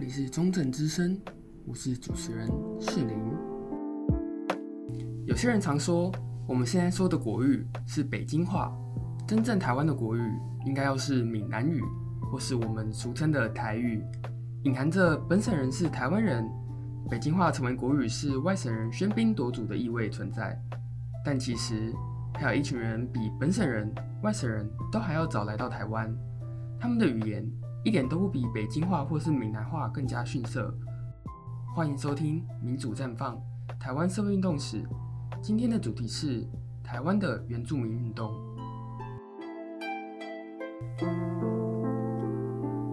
這裡是中正之聲，我是主持人釋林。有些人常說，我們現在說的國語是北京話，真正台灣的國語應該要是閩南語，或是我們俗稱的台語，隱含着本省人是台灣人，北京話成為國語是外省人喧賓奪主的意味存在。但其實，還有一群人比本省人、外省人都還要早來到台灣，他們的語言，一點都不比北京話或是閩南話更加遜色。歡迎收聽《民主綻放：台灣社會運動史》。今天的主題是台灣的原住民運動。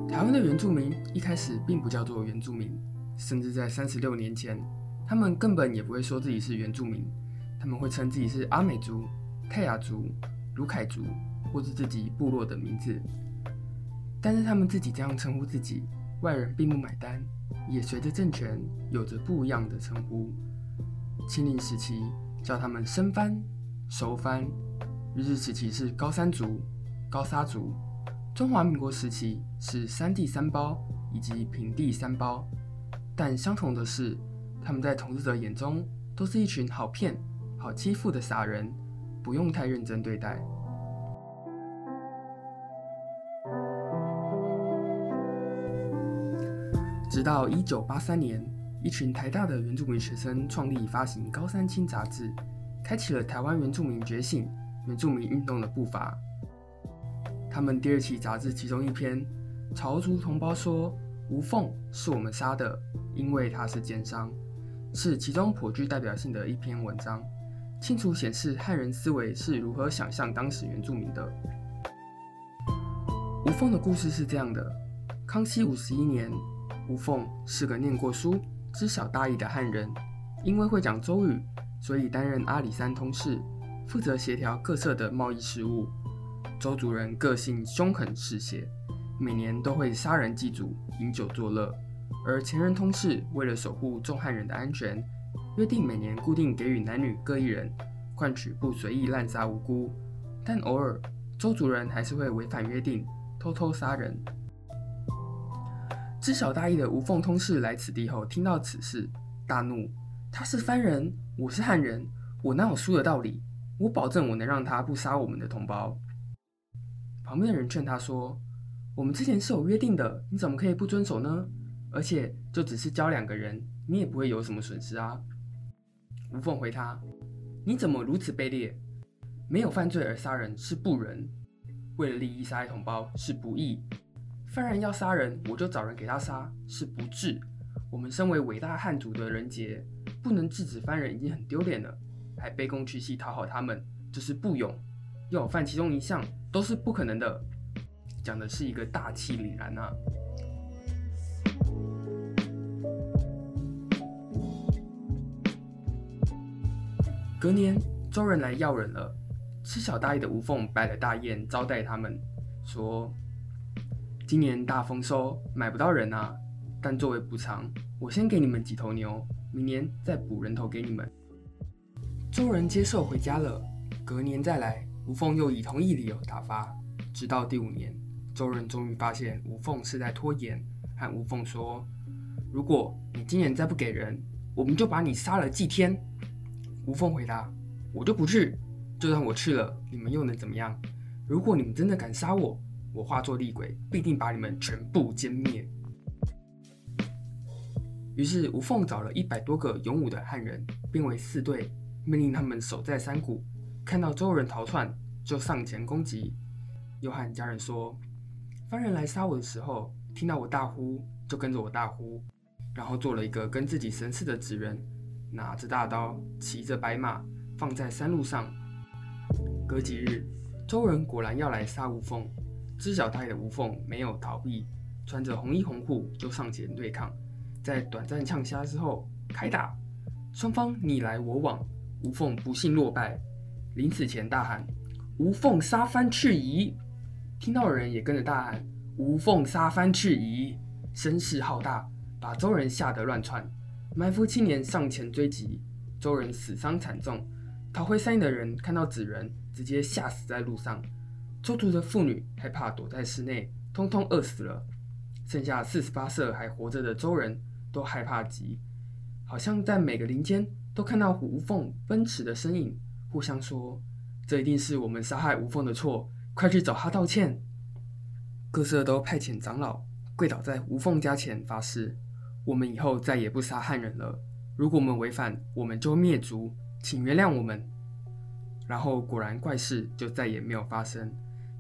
台灣的原住民一開始並不叫做原住民，甚至在三十六年前，他們根本也不會說自己是原住民，他們會稱自己是阿美族、泰雅族、魯凱族，或是自己部落的名字。但是他們自己這樣稱呼自己，外人並不買單，也隨着政權有着不一樣的稱呼。清領時期叫他們生番、熟番；日治時期是高山族、高沙族；中華民國時期是山地山胞以及平地山胞。但相同的是，他們在統治者眼中都是一群好騙、好欺負的傻人，不用太認真對待。直到一九八三年，一群台大的原住民學生創立發行《高山青》雜誌，開啟了台灣原住民覺醒、原住民運動的步伐。他們第二期雜誌其中一篇，曹族同胞說：“吳鳳是我們殺的，因為他是奸商。”是其中頗具代表性的一篇文章，清楚顯示漢人思維是如何想象當時原住民的。吳鳳的故事是這樣的：康熙五十一年。吳鳳是個念過書、知曉大義的漢人，因為會講鄒語，所以擔任阿里山通事，負責協調各社的貿易事務。鄒族人個性凶狠嗜血，每年都會殺人祭祖、飲酒作樂。而前任通事為了守護眾漢人的安全，約定每年固定給予男女各一人，換取不隨意濫殺無辜。但偶爾，鄒族人還是會違反約定，偷偷殺人。知曉大義的吳鳳通事來此地後，聽到此事，大怒。他是番人，我是漢人，我哪有輸的道理？我保證，我能讓他不殺我們的同胞。旁邊的人勸他說：“我們之前是有約定的，你怎麼可以不遵守呢？而且就只是交兩個人，你也不會有什麼損失啊。”吳鳳回他：“你怎麼如此卑劣？沒有犯罪而殺人是不仁，為了利益殺害同胞是不義。”犯人要殺人，我就找人給他殺，是不智。我們身為偉大漢族的人傑，不能制止犯人已經很丟臉了，還卑躬屈膝討好他們，這是不勇。要犯其中一項，都是不可能的。講的是一個大氣凜然啊。隔年，周人來要人了，吃小大宴的吳鳳擺了大宴招待他們，說。今年大豐收，買不到人啊！但作為補償，我先給你們幾頭牛，明年再補人頭給你們。周人接受回家了，隔年再來，吳鳳又以同一理由打發。直到第五年，周人終於發現吳鳳是在拖延，和吳鳳說：“如果你今年再不給人，我們就把你殺了祭天。”吳鳳回答：“我就不去，就算我去了，你們又能怎麼樣？如果你們真的敢殺我。”我化作厲鬼，必定把你們全部殲滅。於是吳鳳找了一百多個勇武的漢人，併為四隊，命令他們守在山谷，看到周人逃竄，就上前攻擊。又和家人說：“番人來殺我的時候，聽到我大呼，就跟着我大呼。”然後做了一個跟自己神似的紙人，拿着大刀，騎着白馬，放在山路上。隔幾日，周人果然要來殺吳鳳。知曉他的吳鳳沒有逃避，穿着紅衣紅褲就上前對抗，在短暫嗆瞎之後開打，雙方你來我往，吳鳳不幸落敗，臨死前大喊：“吳鳳殺番去矣！」聽到的人也跟着大喊：“吳鳳殺番去矣！」聲勢浩大，把鄒人嚇得亂竄。埋伏青年上前追擊，鄒人死傷慘重，逃回山裡的人看到紙人，直接嚇死在路上。鄒族的婦女害怕躲在室內，通通餓死了。剩下四十八社還活着的鄒人都害怕極，好像在每個林間都看到吳鳳奔馳的身影，互相說：“這一定是我們殺害吳鳳的錯，快去找他道歉。”各社都派遣長老跪倒在吳鳳家前發誓：“我們以後再也不殺漢人了。如果我們違反，我們就滅族，請原諒我們。”然後果然怪事就再也沒有發生。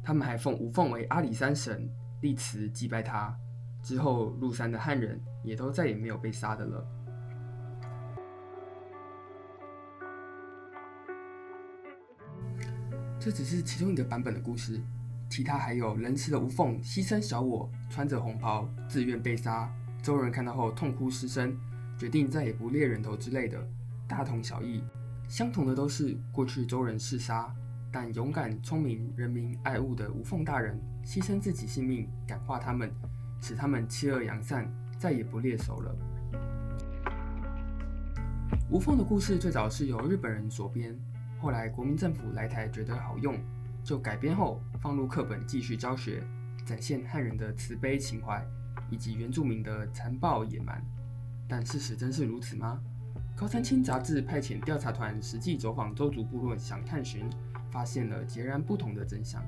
他們還奉吳鳳為阿里山神，立祠祭拜他。之後入山的漢人也都再也沒有被殺的了。這只是其中一個版本的故事，其他還有仁慈的吳鳳犧牲小我，穿着紅袍自願被殺，鄒人看到後痛哭失聲，決定再也不獵人頭之類的，大同小異。相同的都是過去鄒人嗜殺。但勇敢、聰明、人民愛物的吳鳳大人犧牲自己性命，感化他們，使他們棄惡揚善，再也不獵首了。吳鳳的故事最早是由日本人所編，後來國民政府來台覺得好用，就改編後放入課本繼續教學，展現漢人的慈悲情懷以及原住民的殘暴野蠻。但事實真是如此嗎？《高山青》雜誌派遣調查團實際走訪鄒族部落，想探尋。發現了截然不同的真相。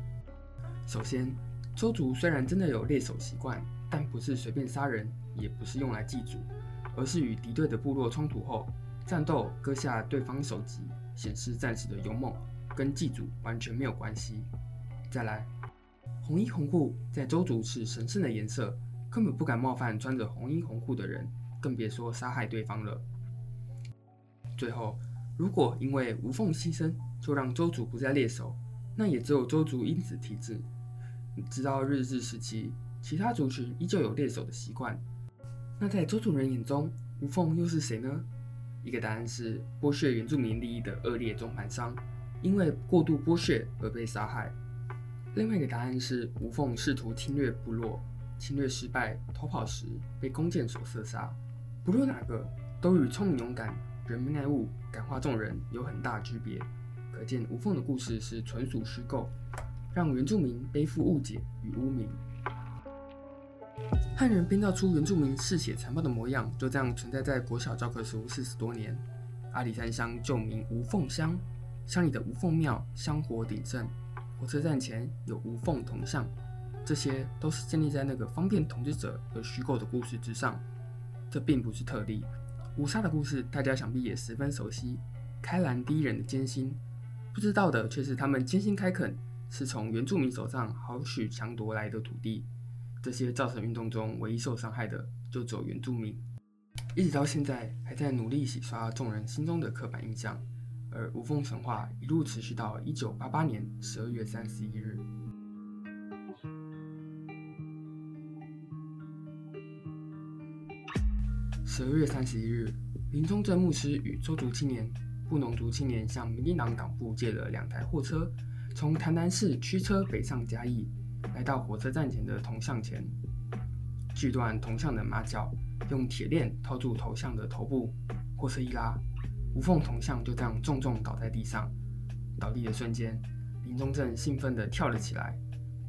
首先，鄒族雖然真的有獵首習慣，但不是隨便殺人，也不是用來祭祖，而是與敵對的部落衝突後，戰鬥割下對方首級，顯示戰士的勇猛，跟祭祖完全沒有關係。再來，紅衣紅褲在鄒族是神聖的顏色，根本不敢冒犯穿着紅衣紅褲的人，更別說殺害對方了。最後，如果因為吳鳳犧牲，就讓鄒族不再獵首，那也只有鄒族因此提至。直到日治時期，其他族群依舊有獵首的習慣。那在鄒族人眼中，吳鳳又是誰呢？一個答案是剝削原住民利益的惡劣中盤商，因為過度剝削而被殺害。另外一個答案是吳鳳試圖侵略部落，侵略失敗逃跑時被弓箭所射殺。不論哪個，都與聰明勇敢、仁民愛物、感化眾人有很大區別。可見吳鳳的故事是純屬虛構，讓原住民背負誤、誤解與污名。漢人編造出原住民嗜血殘暴的模樣，就這樣存在在國小教科書四十多年。阿里山鄉舊名吳鳳鄉，鄉裡的吳鳳廟，吳鳳廟香火鼎盛，火車站前有吳鳳銅像，這些都是建立在那個方便統治者而虛構的故事之上。這並不是特例，吳沙的故事大家想必也十分熟悉，開蘭第一人的艱辛。不知道的卻是，他們艱辛開墾，是從原住民手上豪取強奪來的土地。這些造神運動中唯一受傷害的，就只有原住民，一直到現在還在努力洗刷眾人心中的刻板印象。而吳鳳神話一路持續到一九八八年十二月三十一日。十二月三十一日，林宗正牧師與鄒族青年。布農族青年向民進黨黨部借了兩台貨車，從台南市驅車北上嘉義，來到火車站前的銅像前，鋸斷銅像的馬腳，用鐵鏈套住銅像的頭部，貨車一拉，吳鳳銅像就這樣重重倒在地上。倒地的瞬間，林宗正興奮地跳了起來。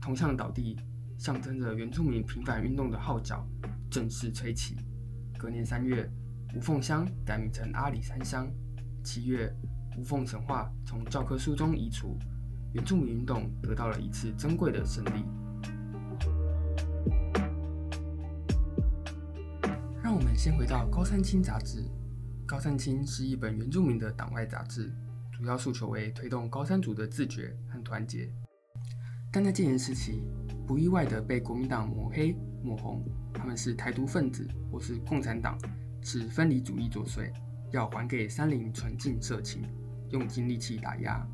銅像倒地，象徵着原住民平反運動的號角正式吹起。隔年三月，吳鳳鄉改名成阿里山鄉。七月，吳鳳神話從教科書中移除，原住民運動得到了一次珍貴的勝利。讓我們先回到高三雜誌《高山青》雜誌，《高山青》是一本原住民的黨外雜誌，主要訴求為推動高山族的自覺和團結。但在戒嚴時期，不意外的被國民黨抹黑抹紅，他們是台獨分子或是共產黨，是分離主義作祟。要還給山林純淨色情，用盡力氣打壓。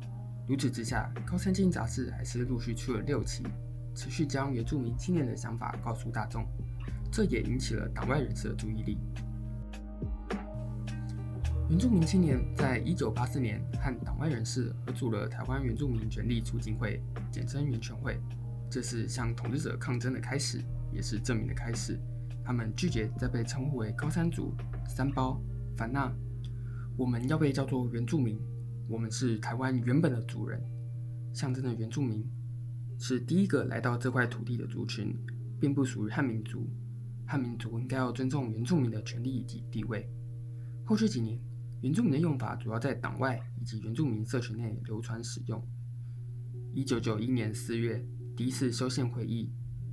如此之下，高山青雜誌還是陸續出了六期，持續將原住民青年的想法告訴大眾，這也引起了黨外人士的注意力。原住民青年在一九八四年和黨外人士合組了台灣原住民權利促進會，簡稱原權會，這是向統治者抗爭的開始，也是正名的開始。他們拒絕再被稱呼為高山族、山胞、凡納。我們要被叫做原住民，我們是台灣原本的族人，象徵的原住民是第一個來到這塊土地的族群，並不屬於漢民族。漢民族應該要尊重原住民的權利以及地位。後續幾年，原住民的用法主要在黨外以及原住民社群內流傳使用。一九九一年四月，第一次修憲會議，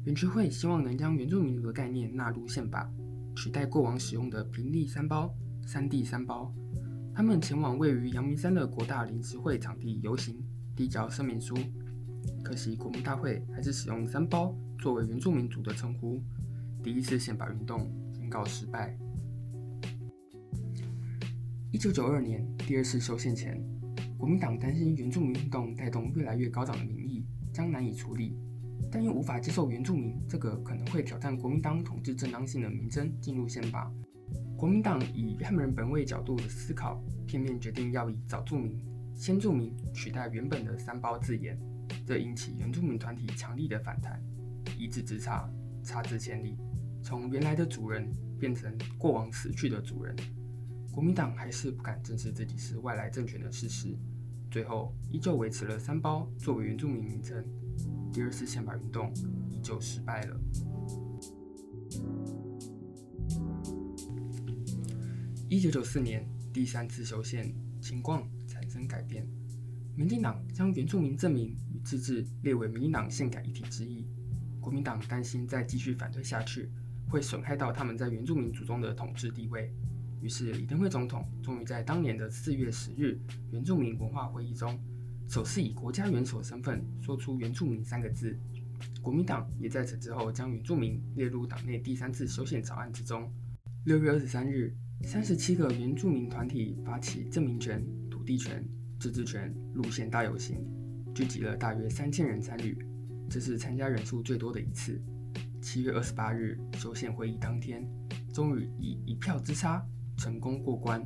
原住會，希望能將原住民族的概念納入憲法，取代過往使用的平地山胞、山地山胞。他們前往位於陽明山的國大臨時會場地遊行，遞交聲明書。可惜，國民大會還是使用“山胞”作為原住民族的稱呼，第一次憲法運動宣告失敗。一九九二年第二次修憲前，國民黨擔心原住民運動帶動越來越高漲的民意將難以處理，但又無法接受“原住民”這個可能會挑戰國民黨統治正當性的名稱進入憲法。國民黨以漢人本位角度的思考，片面決定要以“早住民、先住民”取代原本的“三胞”字眼。這引起原住民團體強力的反彈。一字之差，差之千里，從原來的主人變成過往死去的主人。國民黨還是不敢正視自己是外來政權的事實，最後依舊維持了“三胞”作為原住民名稱。第二次憲法運動依舊失敗了。一九九四年第三次修憲，情況產生改變。民進黨將原住民正名與自治列為民進黨憲改議題之一。國民黨擔心再繼續反對下去，會損害到他們在原住民族中的統治地位。於是李登輝總統終於在當年的四月十日原住民文化會議中，首次以國家元首身份說出“原住民”三個字。國民黨也在此之後將原住民列入黨內第三次修憲草案之中。六月二十三日，三十七個原住民團體發起正名權、土地權、自治權路線大遊行，聚集了大約三千人參與，這是參加人數最多的一次。七月二十八日修憲會議當天，終於以一票之差成功過關，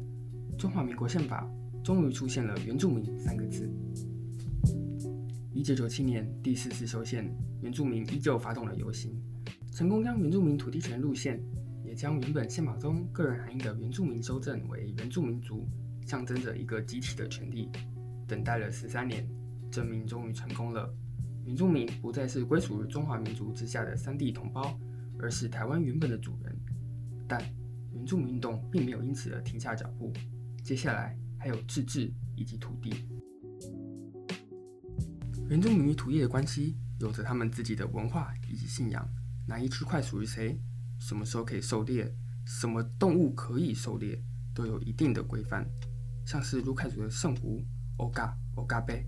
中華民國憲法終於出現了“原住民”三個字。一九九七年第四次修憲，原住民依舊發動了遊行，成功將原住民土地權路線。將原本憲法中個人含義的原住民修正為原住民族，象徵着一個集體的權利。等待了十三年，正名終於成功了。原住民不再是歸屬於中華民族之下的山地同胞，而是台灣原本的主人。但原住民運動並沒有因此而停下腳步，接下來還有自治以及土地。原住民與土地的關係，有着他們自己的文化以及信仰，哪一區塊屬於誰？什麼時候可以狩獵，什麼動物可以狩獵，都有一定的規範。像是盧凱族的聖湖，歐嘎歐嘎貝，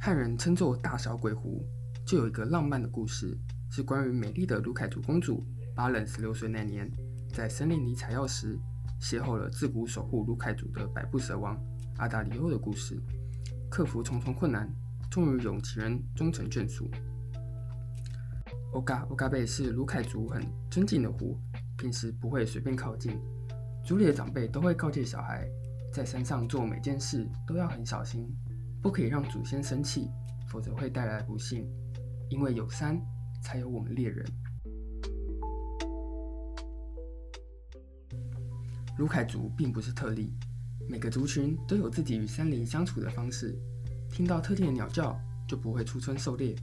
漢人稱作大小鬼湖，就有一個浪漫的故事，是關於美麗的盧凱族公主巴冷十六歲那年，在森林裡採藥時，邂逅了自古守護盧凱族的百步蛇王阿達里歐的故事。克服重重困難，終於有情人終成眷屬。o k a o k a 貝是盧凱族很尊敬的湖，平時不會隨便靠近。族裡的長輩都會告誡小孩，在山上做每件事都要很小心，不可以讓祖先生氣，否則會帶來不幸。因為有山，才有我們獵人。盧凱族並不是特例，每個族群都有自己與山林相處的方式。聽到特定的鳥叫，就不會出村狩獵；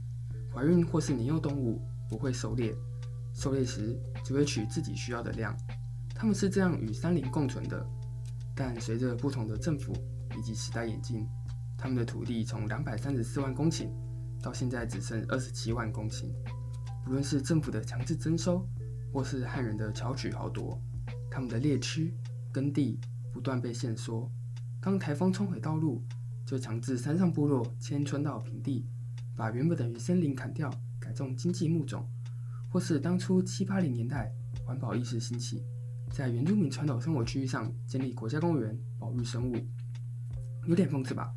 懷孕或是年幼動物。不會狩獵，狩獵時只會取自己需要的量。他們是這樣與山林共存的。但隨着不同的政府以及時代演進，他們的土地從兩百三十四萬公頃到現在只剩二十七萬公頃。不論是政府的強制徵收，或是漢人的巧取豪奪，他們的獵區、耕地不斷被限縮。當台風沖毀道路，就強制山上部落遷村到平地，把原本的原生林砍掉。改種經濟木種，或是當初七八零年代環保意識興起，在原住民傳統生活區域上建立國家公園保育生物，有點諷刺吧？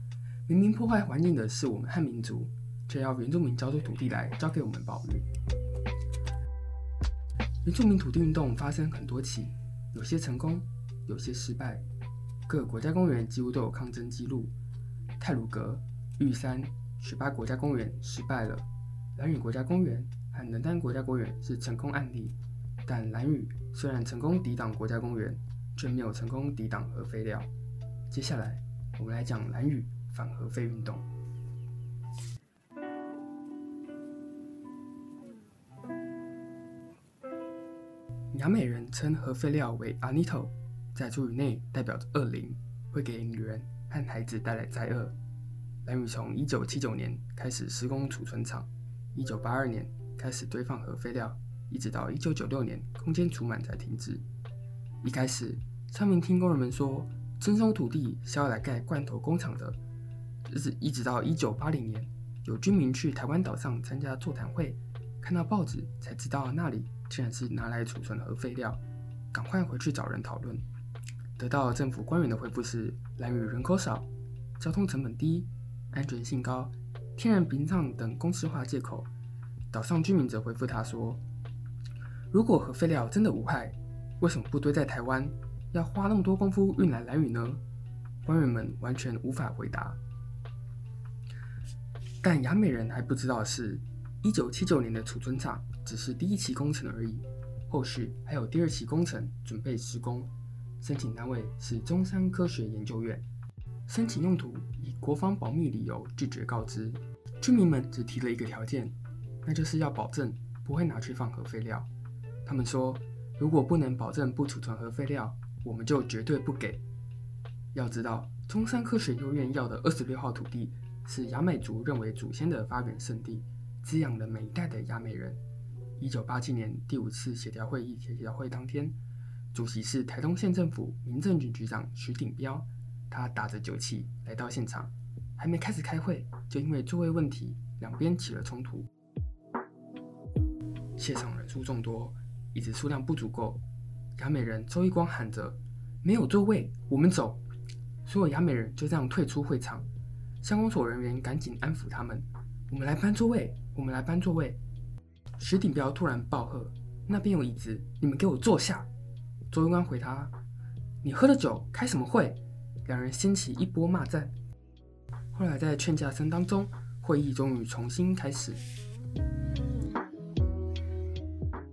明明破壞環境的是我們漢民族，卻要原住民交出土地來交給我們保育。原住民土地運動發生很多起，有些成功，有些失敗。各國家公園幾乎都有抗爭記錄。太魯閣、玉山、雪霸國家公園失敗了。蘭嶼國家公園和能丹國家公園是成功案例，但蘭嶼雖然成功抵擋國家公園，卻沒有成功抵擋核廢料。接下來，我們來講蘭嶼反核廢運動。雅美人稱核廢料為阿尼托，在咒語內代表着惡靈，會給女人和孩子帶來災厄。蘭嶼從1979年開始施工儲存場。一九八二年開始堆放核廢料，一直到一九九六年空間儲滿才停止。一開始，村民聽工人們說徵收土地是要來蓋罐頭工廠的，日子一直到一九八零年，有居民去台灣島上參加座談會，看到報紙才知道那裡竟然是拿來儲存核廢料，趕快回去找人討論。得到政府官員的回復是：蘭嶼人口少，交通成本低，安全性高。天然屏障等公式化借口，島上居民則回復他說：“如果核廢料真的無害，為什麼不堆在台灣，要花那麼多功夫運來蘭嶼呢？”官員們完全無法回答。但雅美人還不知道的是，1979年的儲存場只是第一期工程而已，後續還有第二期工程準備施工，申請單位是中山科學研究院。申請用途以國防保密理由拒絕告知，居民們只提了一個條件，那就是要保證不會拿去放核廢料。他們說，如果不能保證不儲存核廢料，我們就絕對不給。要知道，中山科學研究院要的二十六號土地是雅美族認為祖先的發源聖地，滋養了每一代的雅美人。一九八七年第五次協調會議，協調會當天，主席是台東縣政府民政局局長徐鼎彪。他打着酒氣來到現場，還沒開始開會，就因為座位問題，兩邊起了衝突。現場人數眾多，椅子數量不足夠。雅美人周一光喊着：“沒有座位，我們走！”所有雅美人就這樣退出會場。鄉公所人員趕緊安撫他們：“我們來搬座位，我們來搬座位。”石鼎彪突然暴喝：“那邊有椅子，你們給我坐下！”周一光回他：“你喝了酒，開什麼會？”兩人掀起一波罵戰，後來在勸架聲當中，會議終於重新開始。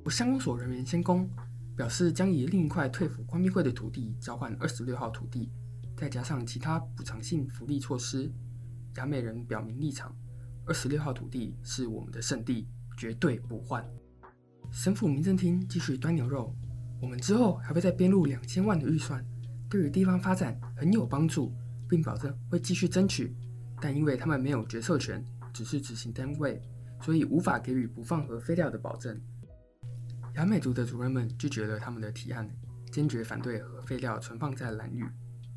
我鄉公所人員先攻，表示將以另一塊退輔會的土地交換二十六號土地，再加上其他補償性福利措施。雅美人表明立場：二十六號土地是我們的聖地，絕對不換。省府民政廳繼續端牛肉，我們之後還會再編入兩千萬的預算。對於地方發展很有幫助，並保證會繼續爭取，但因為他們沒有決策權，只是執行單位，所以無法給予不放核廢料的保證。雅美族的族人們拒絕了他們的提案，堅決反對核廢料存放在蘭嶼，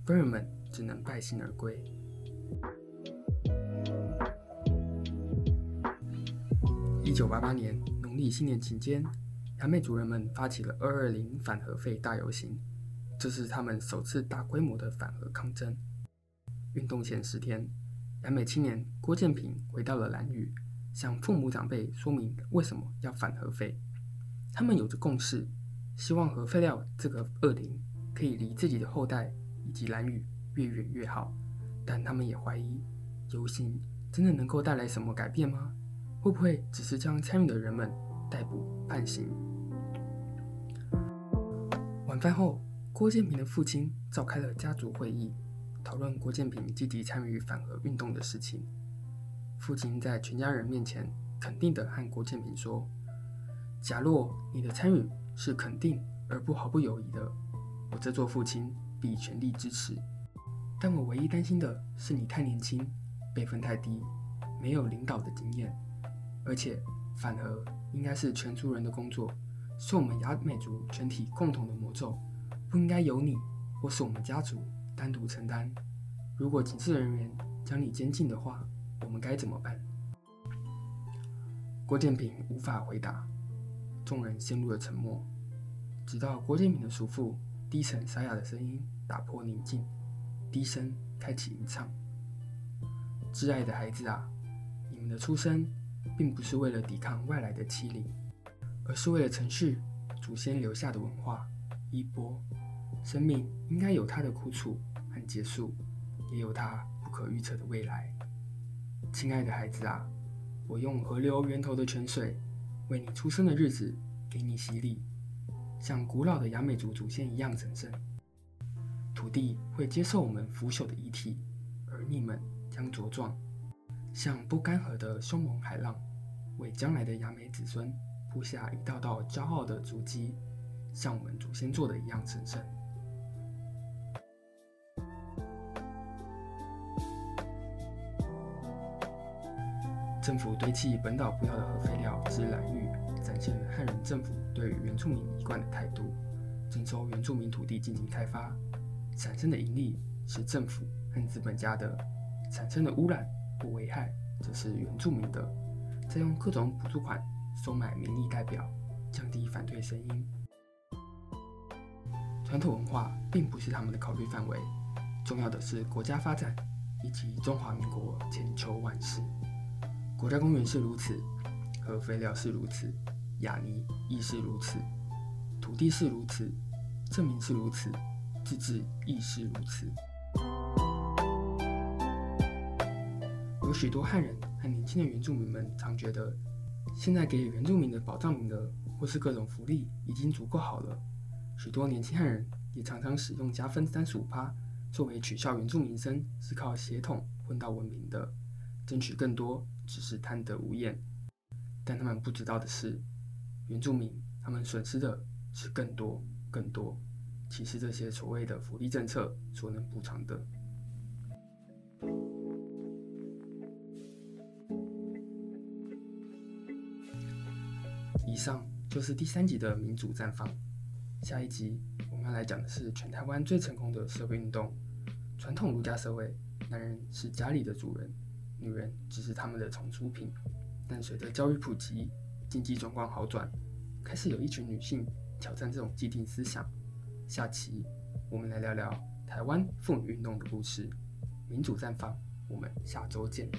族人們只能敗興而歸。一九八八年農曆新年期間，雅美族人們發起了二二零反核廢大遊行。這是他們首次大規模的反核抗爭運動。前十天，雅美青年郭建平回到了蘭嶼，向父母長輩說明為什麼要反核廢。他們有着共識，希望核廢料這個惡靈可以離自己的後代以及蘭嶼越遠越好。但他們也懷疑，遊行真的能夠帶來什麼改變嗎？會不會只是將參與的人們逮捕判刑？晚飯後，郭建平的父親召開了家族會議，討論郭建平積極參與反核運動的事情。父親在全家人面前肯定地和郭建平說：“假若你的參與是肯定而不毫不猶豫的，我這做父親必全力支持。但我唯一擔心的是你太年輕，輩分太低，沒有領導的經驗，而且反核應該是全族人的工作，是我們雅美族全體共同的魔咒。”不應該由你或是我們家族單獨承擔。如果情治人員將你監禁的話，我們該怎麼辦？郭建平無法回答，眾人陷入了沉默。直到郭建平的叔父低沉沙啞的聲音打破寧靜，低聲開啟吟唱：“摯愛的孩子啊，你們的出生並不是為了抵抗外來的欺凌，而是為了承續祖先留下的文化。”一波，生命應該有它的苦楚和結束，也有它不可預測的未來。親愛的孩子啊，我用河流源頭的泉水為你出生的日子給你洗禮，像古老的雅美族祖先一樣神聖。土地會接受我們腐朽的遺體，而你們將茁壯，像不乾涸的凶猛海浪，為將來的雅美子孫鋪下一道道驕傲的足跡。像我們祖先做的一樣神聖。政府堆砌本島不要的核廢料至蘭嶼，展現漢人政府對原住民一貫的態度：徵收原住民土地進行開發，產生的盈利是政府和資本家的，產生的污染或危害則是原住民的。再用各種補助款收買民意代表，降低反對聲音。傳統文化並不是他們的考慮範圍，重要的是國家發展以及中華民國千秋萬世。國家公園是如此，核廢料是如此，雅尼亦是如此，土地是如此，正名是如此，自治亦是如此。 有許多漢人和年輕的原住民們常覺得，現在給予原住民的保障名額或是各種福利已經足夠好了。許多年輕漢人也常常使用加分三十五趴作為取笑原住民生是靠血統混到文明的，爭取更多只是貪得無厭。但他們不知道的是，原住民他們損失的是更多更多，豈是這些所謂的福利政策所能補償的？以上就是第三集的民主綻放。下一集我們要來講的是全台灣最成功的社會運動——傳統儒家社會。男人是家裡的主人，女人只是他們的從屬品。但隨着教育普及、經濟狀況好轉，開始有一群女性挑戰這種既定思想。下期我們來聊聊台灣婦女運動的故事。民主綻放，我們下周見。